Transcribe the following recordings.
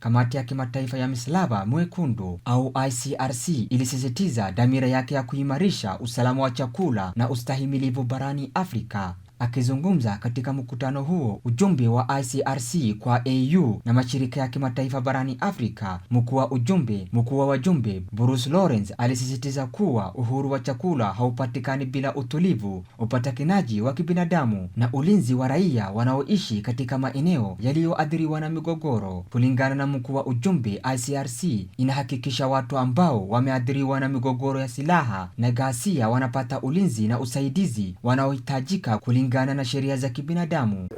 Kamati ya Kimataifa ya Misalaba Mwekundu au ICRC ilisisitiza dhamira yake ya kuimarisha usalama wa chakula na ustahimilivu barani Afrika Akizungumza katika mkutano huo, ujumbe wa ICRC kwa AU na mashirika ya kimataifa barani Afrika, mkuu wa ujumbe mkuu wa wajumbe Bruce Lawrence alisisitiza kuwa uhuru wa chakula haupatikani bila utulivu, upatikanaji wa kibinadamu na ulinzi wa raia wanaoishi katika maeneo yaliyoathiriwa na migogoro. Kulingana na mkuu wa ujumbe, ICRC inahakikisha watu ambao wameathiriwa na migogoro ya silaha na ghasia wanapata ulinzi na usaidizi wanaohitajika kulingana kulingana na sheria za kibinadamu.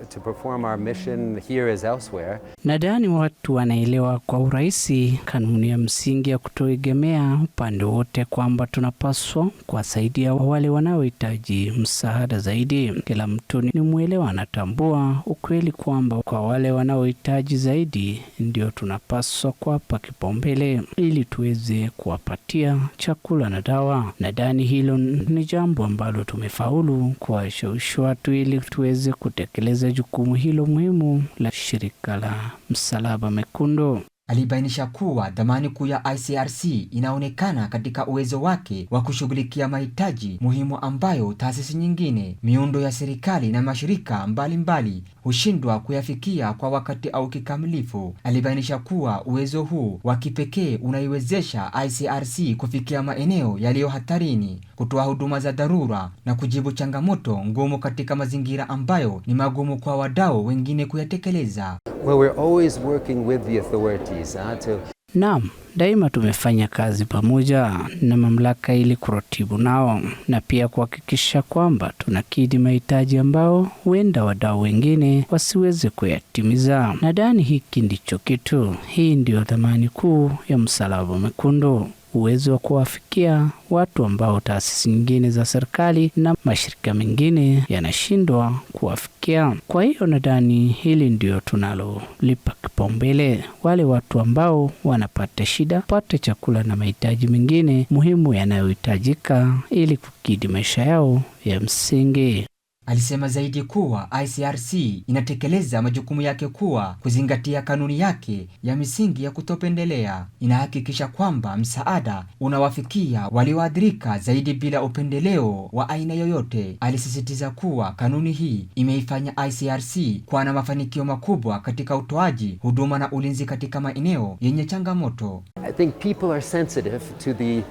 Nadhani watu wanaelewa kwa urahisi kanuni ya msingi ya kutoegemea upande wote, kwamba tunapaswa kuwasaidia wale wanaohitaji msaada zaidi. Kila mtu ni mwelewa, anatambua ukweli kwamba kwa wale wanaohitaji zaidi ndio tunapaswa kuwapa kipaumbele ili tuweze kuwapatia chakula na dawa. Nadhani hilo ni jambo ambalo tumefaulu kuwashawishiwa yetu ili tuweze kutekeleza jukumu hilo muhimu la shirika la Msalaba Mekundu. Alibainisha kuwa dhamani kuu ya ICRC inaonekana katika uwezo wake wa kushughulikia mahitaji muhimu ambayo taasisi nyingine, miundo ya serikali na mashirika mbalimbali mbali hushindwa kuyafikia kwa wakati au kikamilifu. Alibainisha kuwa uwezo huu wa kipekee unaiwezesha ICRC kufikia maeneo yaliyo hatarini, kutoa huduma za dharura na kujibu changamoto ngumu katika mazingira ambayo ni magumu kwa wadau wengine kuyatekeleza. Well, we're always working with the authorities, uh, to Naam, daima tumefanya kazi pamoja na mamlaka ili kuratibu nao na pia kuhakikisha kwamba tunakidhi mahitaji ambao huenda wadau wengine wasiweze kuyatimiza. Nadhani hiki ndicho kitu, hii ndiyo dhamani kuu ya Msalaba Mwekundu uwezo wa kuwafikia watu ambao taasisi nyingine za serikali na mashirika mengine yanashindwa kuwafikia. Kwa hiyo nadhani hili ndio tunalolipa kipaumbele, wale watu ambao wanapata shida pate chakula na mahitaji mengine muhimu yanayohitajika ili kukidhi maisha yao ya msingi. Alisema zaidi kuwa ICRC inatekeleza majukumu yake kuwa kuzingatia kanuni yake ya misingi ya kutopendelea, inahakikisha kwamba msaada unawafikia walioathirika zaidi bila upendeleo wa aina yoyote. Alisisitiza kuwa kanuni hii imeifanya ICRC kuwa na mafanikio makubwa katika utoaji huduma na ulinzi katika maeneo yenye changamoto. I think people are sensitive to the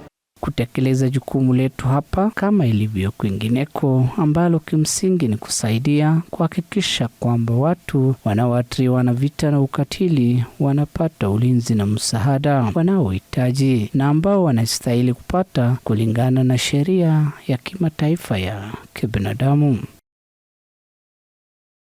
kutekeleza jukumu letu hapa kama ilivyo kwingineko, ambalo kimsingi ni kusaidia kuhakikisha kwamba watu wanaoathiriwa na vita na ukatili wanapata ulinzi na msaada wanaohitaji na ambao wanastahili kupata kulingana na sheria ya kimataifa ya kibinadamu.